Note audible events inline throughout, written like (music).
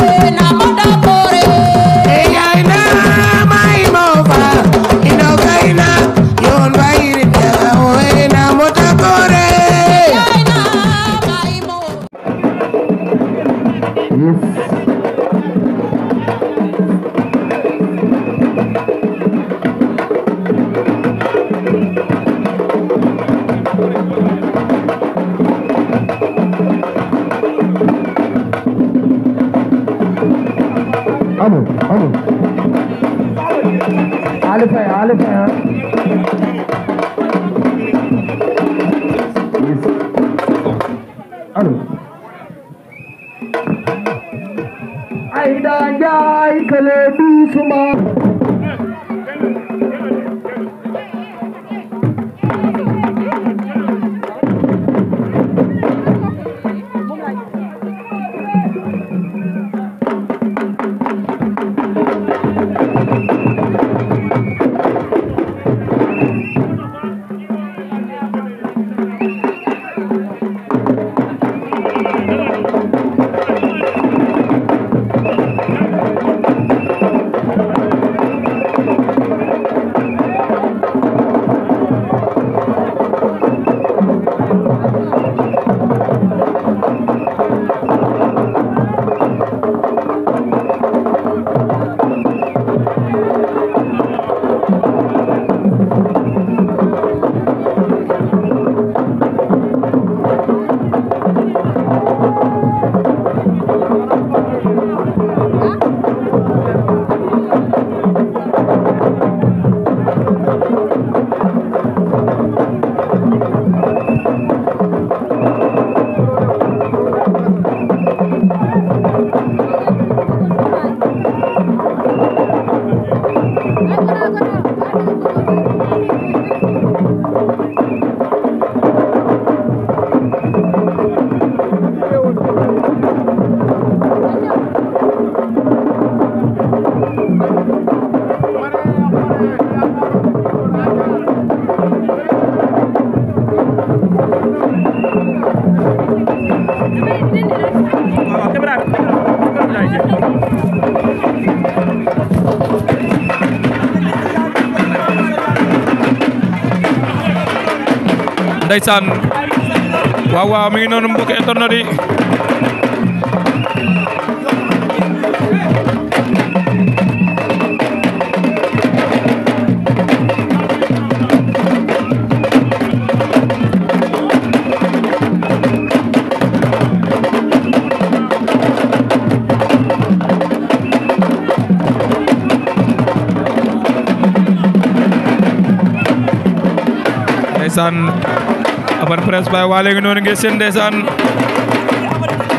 Baby, now I'm done. waaw caméra bi noonu mbokk internet yi ndeysaan apan presse bay waa ngeen seen ndeysaan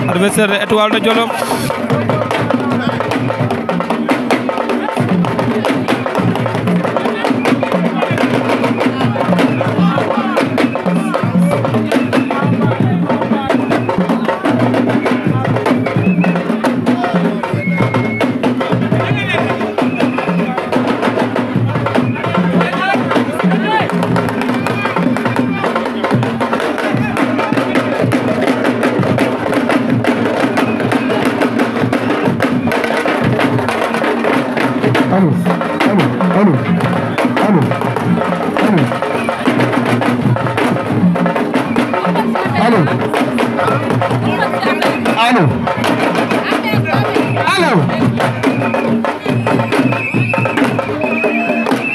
adversaire étoile de allo allo allo allo allo allo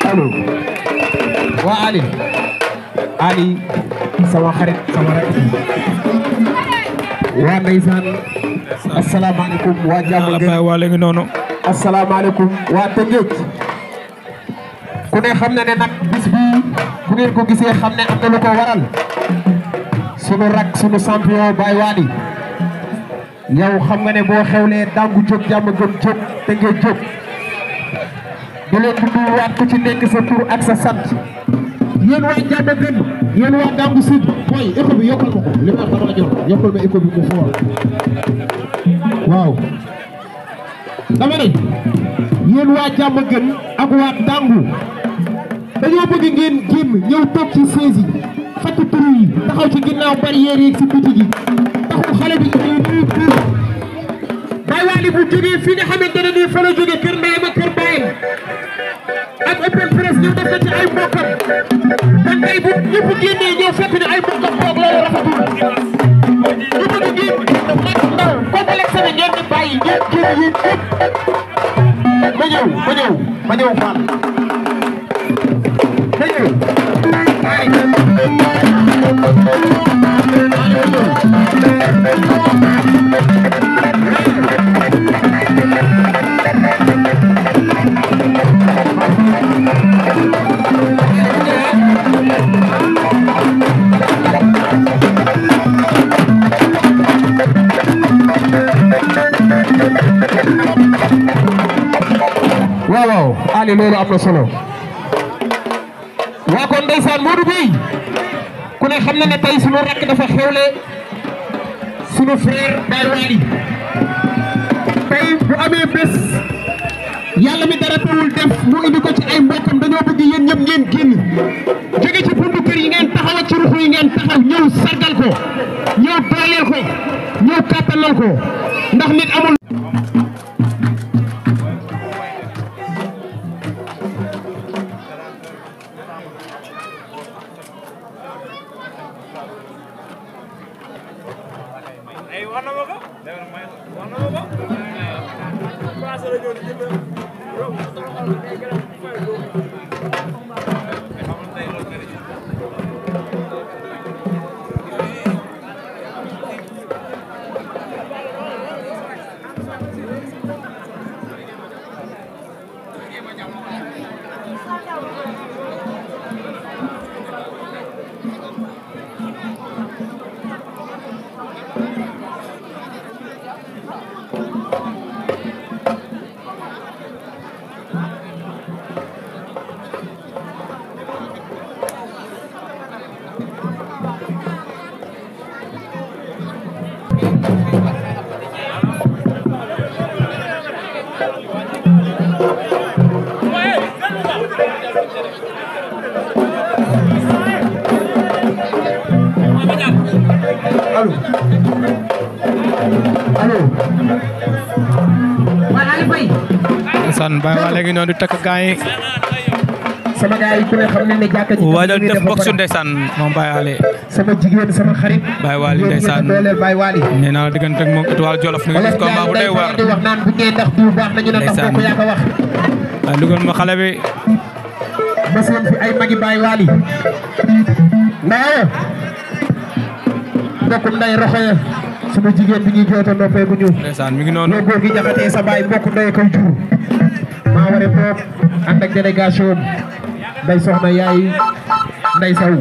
allo allo waa Ali Ali sama xarit sama rek waa ndeysaan asalaamaaleykum waa jàmm ngeen waa léegi noonu asalaamaaleykum waa Tëngéej ku ne xam na ne nag bis bii bu ngeen ko gisee xam ne am na lu ko waral sunu rak sunu champion Baye Wally yow xam nga ne boo xewlee dangu jóg jàmm gën jóg Tëngéej jóg di leen di nuyuwaat ku ci nekk sa tur ak sa sant yéen waa jàmm gën yéen waa dangu sud mooy écho bi yokkal ma ko li ma wax dama la jox yokkal ma bi mu xool waaw dama ne yéen waa jàmm gën ak waa dàngu dañoo bëgg ngeen génn ñëw toog ci saisi fàttu turu yi taxaw ci ginnaaw barrière yi ci biti gi xale bi ñëw ñuy tur bay waali bu jógee fii nga xamante ne nii fa la jógee kër ndeyam ak kër baayam ak open press ñu def ci ay mbokkam kon tey bu ñëpp génnee ñëw ma ñëw ma ñëw ma ñëw Fall ma ñëw ne loolu am na solo waa kon ndeysaan Modou Gueye ku ne xam ne tey sunu rakk dafa xewle sunu frère Baye Waly tey bu amee bés yàlla mi dara teewul def mu indi ko ci ay mbokkam dañoo bëgg yéen ñëpp ngeen génn jóge ci buntu kër yi ngeen taxaw ak ci ruxu yi ngeen taxaw ñëw sargal ko ñëw dooleel ko ñëw kàttanal ko ndax nit amul ngi noonu di takk gaa yi. sama gaa yi ku ne xam ne ne jàkka ji. waajal def box ndeysaan moom Baye Waly. sama jigéen sama xarit. Baye Waly ndeysaan nee naa la diggante ak moom étoile Jolof. nga gis combat bu day waar wax naan bu ngeen ndax du baax nañu ne ndax boo ko yaa ko wax. waaw dugal ma xale bi. mosoon fi ay magi Baye Waly. ndax mbokkum nday roxoye sama jigéen bi ñuy jooto noppee bu ñu. ndeysaan mi ngi noonu. góor gi jaxatee sa baay mbokku nday koy jur. Mawaré Pop ànd ak délégation nday soxna yaay nday saw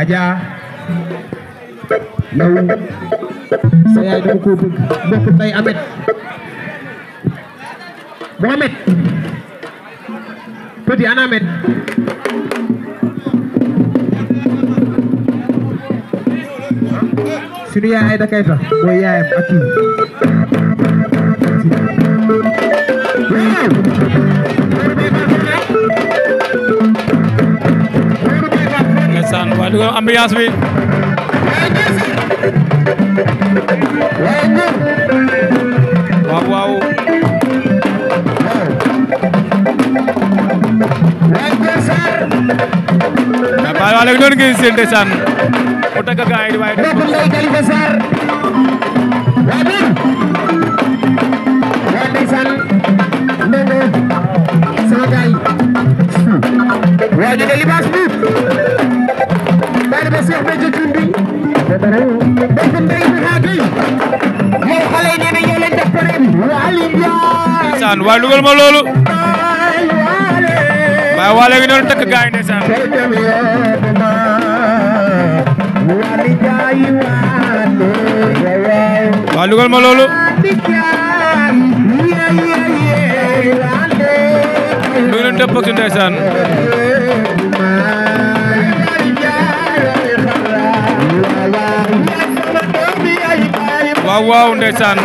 Adja ndaw sa yaay dama ko bëgg mbokk nday amet Mohamed petit ana amet sunu yaay da kay tax mooy yaayam ak kii ndeysaan waa dugg ambiance bi waaw waaw da baal waa léegi noonu ngeen seen ndeysaan mu tagg gaay di waaye waaye ñu ne libaas bi taalibe Seex Béthio Thioune bi bokk ndey bi xaatay yow xale yi nee na ñoo leen def pare bi waali njaay ndeysaan waaye dugal ma loolu waaye waale ngi doon tëkk gaay ndeysaan waaye dugal ma loolu mu ngi doon tëpp ak ndeysaan waaw waaw ndeysaan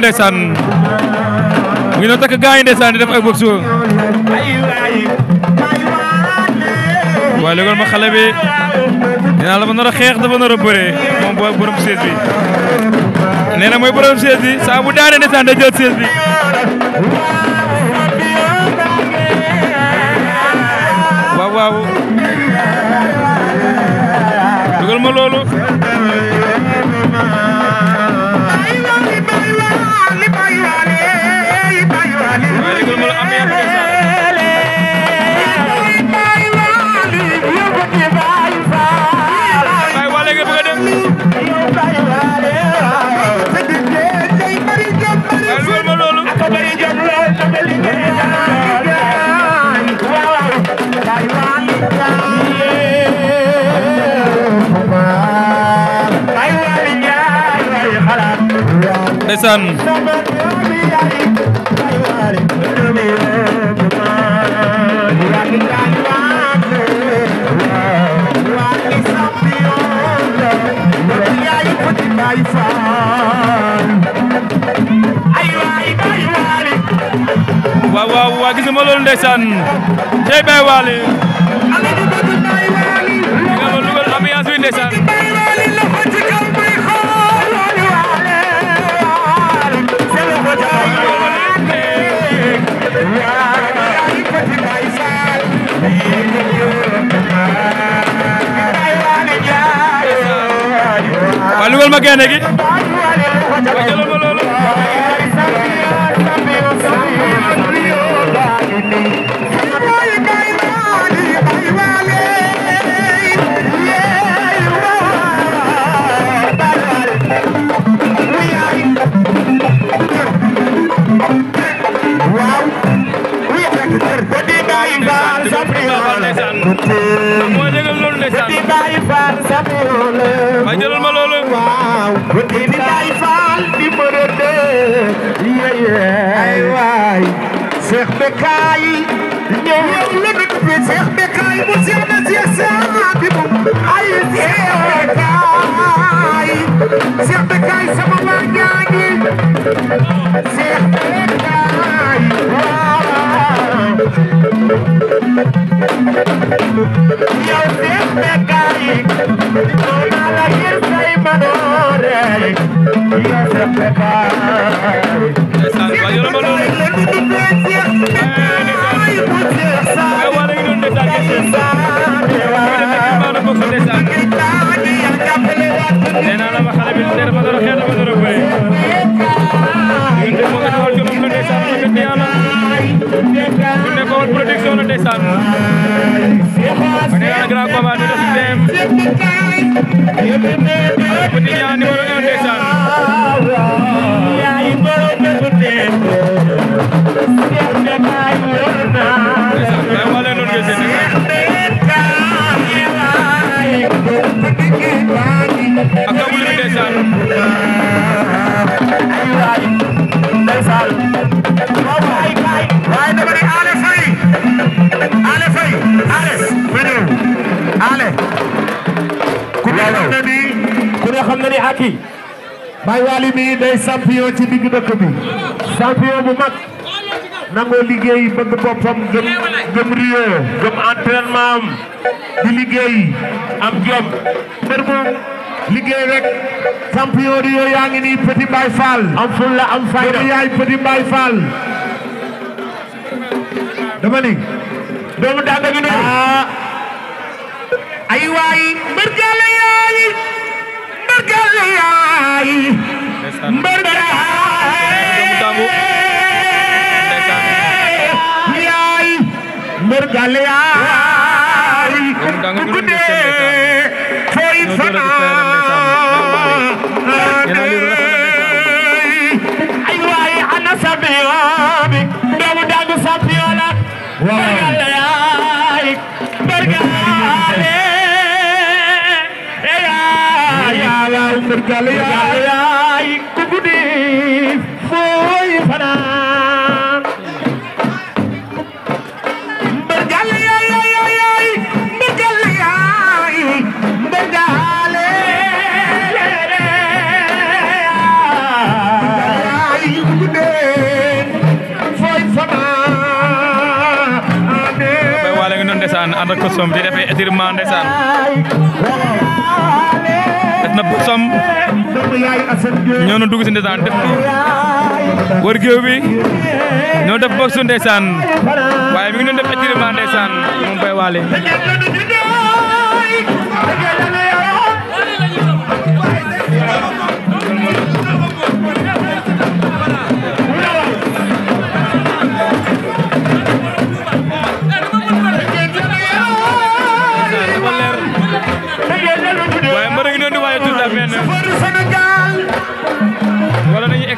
ndeysaan mu ngi doon takk gaa yi ndeysaan di def ay boxe waaye léegi ma xale bi dinaa la ma nar a xeex dafa nar a bëree moom booy borom sees bi nee na mooy borom sees bi saa bu daane ndeysaan da jël sees bi waaw waaw dugal ma loolu ndeysaan waaw waaw waa gis nga loolu ndeysaan tey bay waale. nga loolu ambiance bi ndeysaan lugal ma gaynde gi loolu Acabou de descer. xam na ni aki Baye Waly mi day champion ci digg dëkk bi champion bu mag nangoo liggéey bëgg boppam gëm gëm rio gëm di liggéey am jom mbër bu liggéey rek champion rio yaa ngi nii Petit Baye Fall am ful am fayda yaay Petit Baye Fall dama ni doomu dànga gi ne ah. ay waay mbër jaale yaay màggal yaay mbër yaay mbër yaay jàll yaay ku guddi fooy fanaan mbër jàll yaay yaay yaay mbër jàll yaay mbër jàll yaay ku guddi fooy fanaan ane bay waale nga noonu ndeysaan ànd ak ko soom di defee étirement ndeysaan na som ñëw na dugg si ndeysaan def ko wër géew bi ñoo def box de ndeysaan waaye mi ngi doon def étirement ndeysaan moom Baye Wally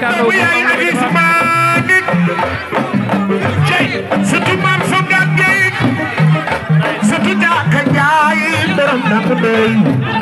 Ndakaaru bu yaay Aziz Malick jey surtout maam Songa Gueye surtout Jaaka Njaay borom Ndakaaru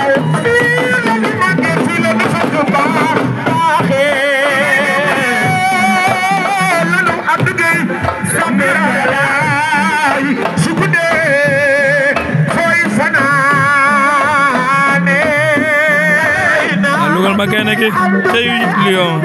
ma gaynde gi tey Lion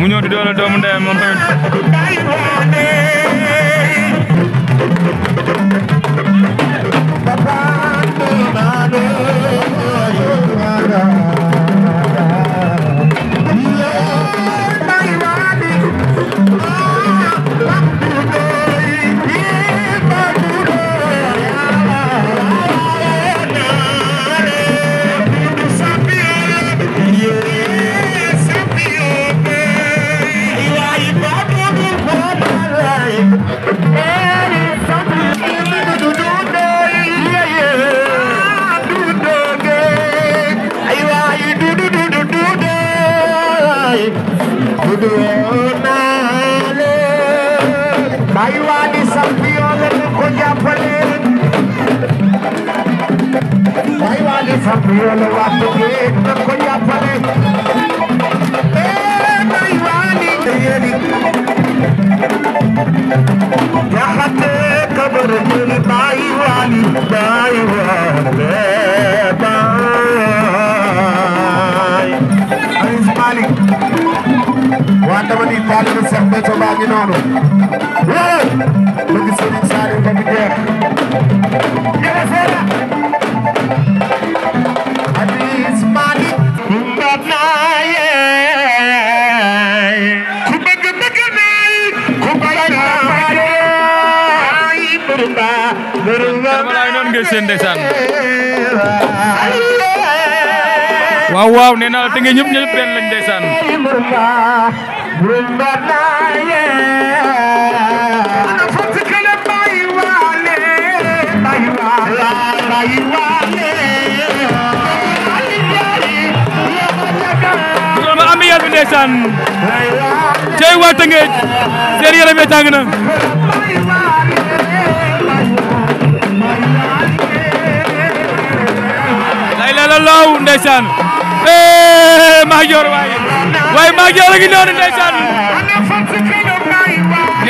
mu ñëw di doole doomu ndeyam moom tamit सब योल वात के एकदम कोया पले ए नईवानी तेरी यहां ते कब्र मेरी बाई वाली बाई वाली बाई अजीज मालिक वाटमनी पालन सेख बेचो बागी नोनो ए लगी सुनी सारी बबी देख ये सेला ndeysaan waaw waaw nee naa la te ngeen ñëpp ñëpp benn lañ ndeysaan ndeysaan cey waa Tëngéej seen waaw ndeysaan eh Maa Joor waaye waaye Maa Joor a ngi noonu nee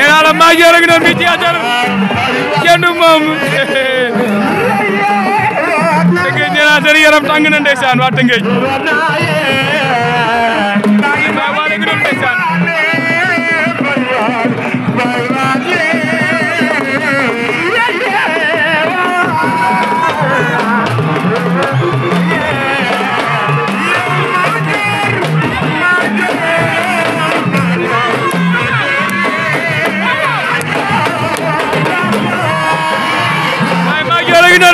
naa la Maa Joor noonu fii ci atar kenn moom (laughs) nee naa seen yaram tàng na ndeysaan waa Tëngéej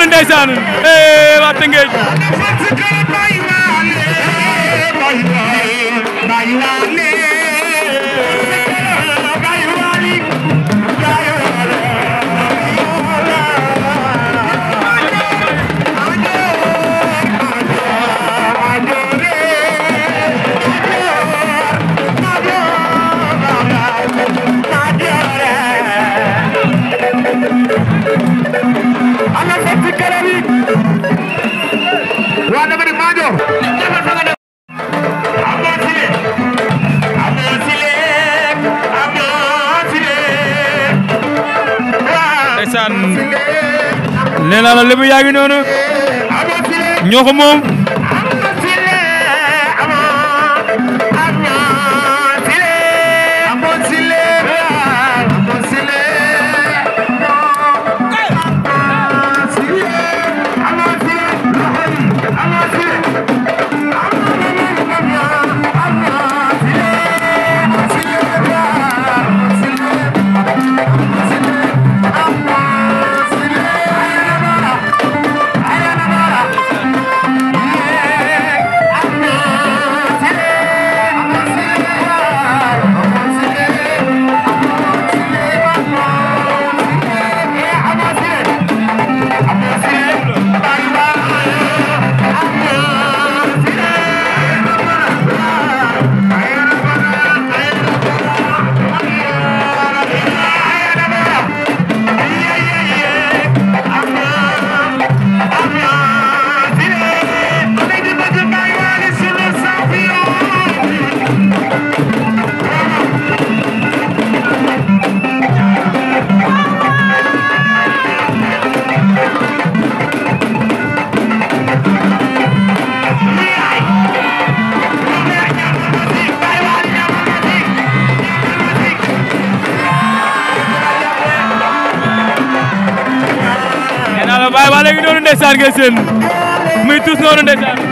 ndeysaan eh waa Tëngéej ndeysaan nee naa noonu ndeysaan ngay seen muy tous noonu ndeysaan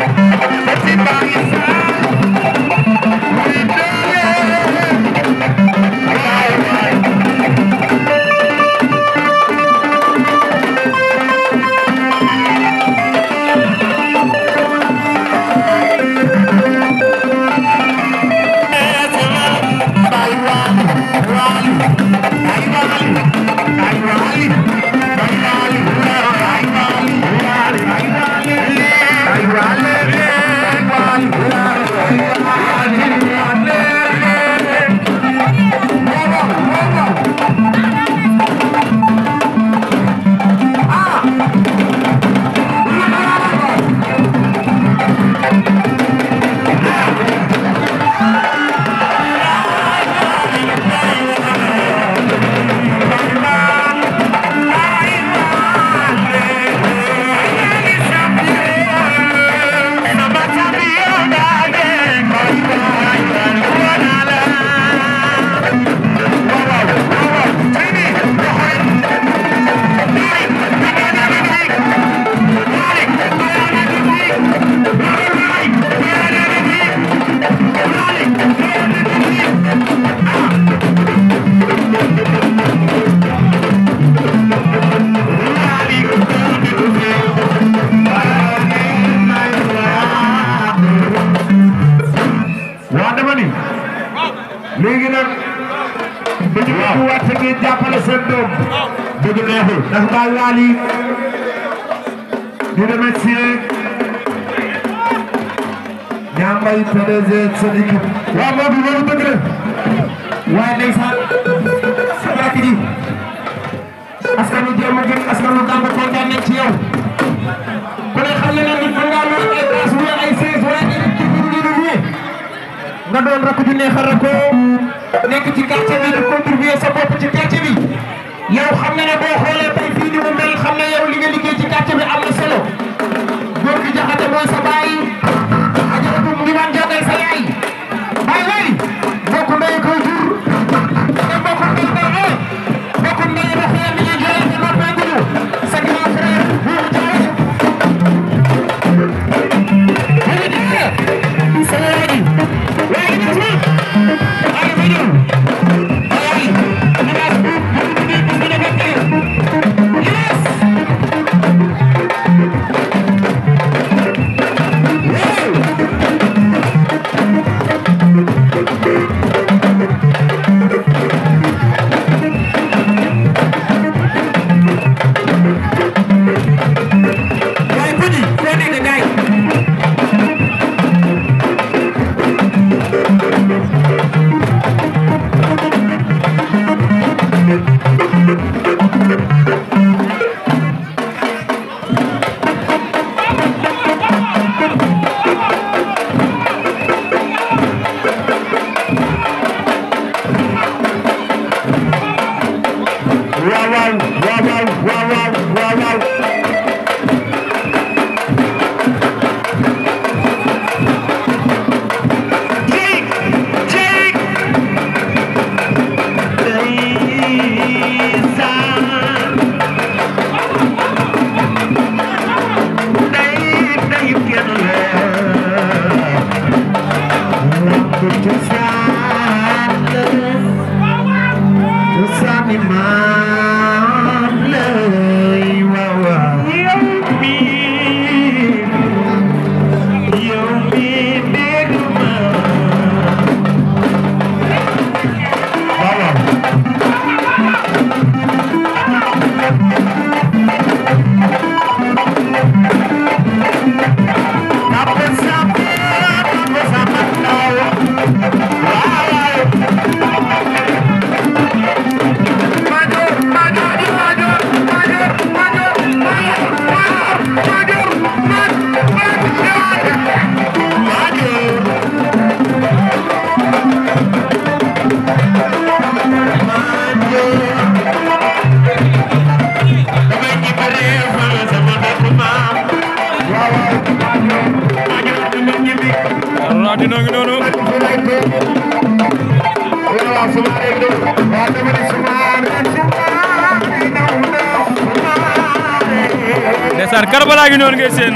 ndeysaan Karbala gi noonu ngay seen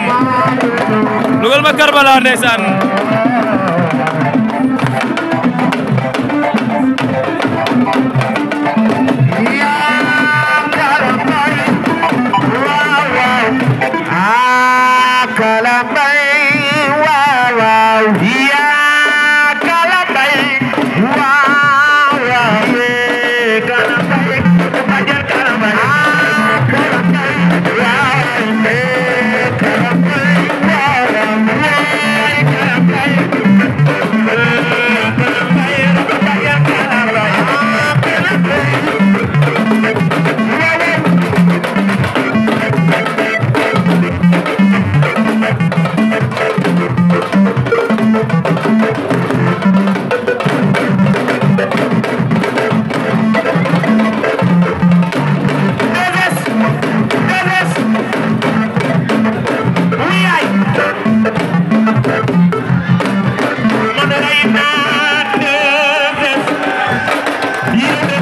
lugal ma Karbala ndeysaan Yeah. (laughs)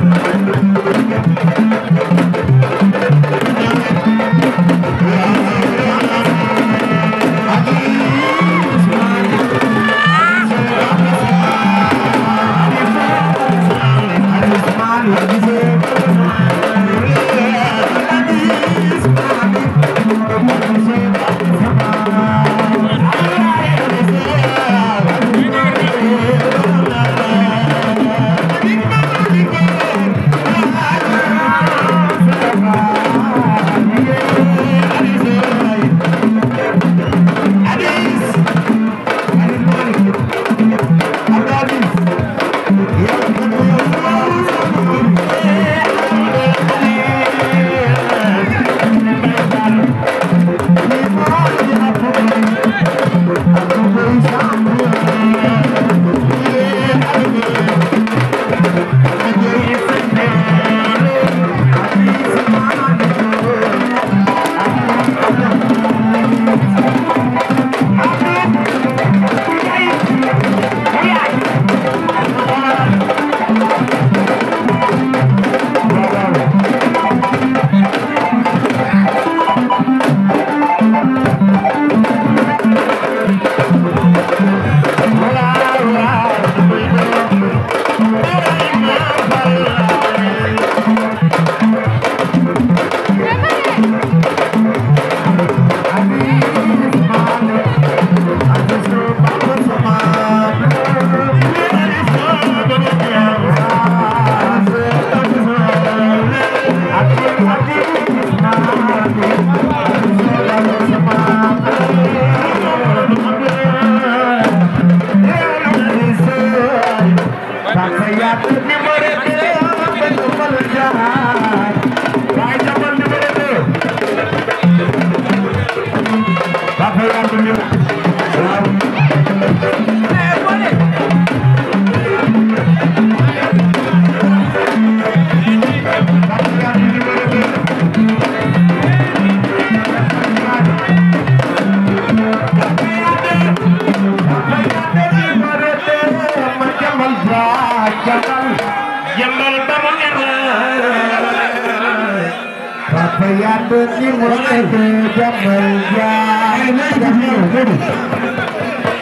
Thank you.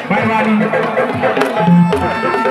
Bye, buddy.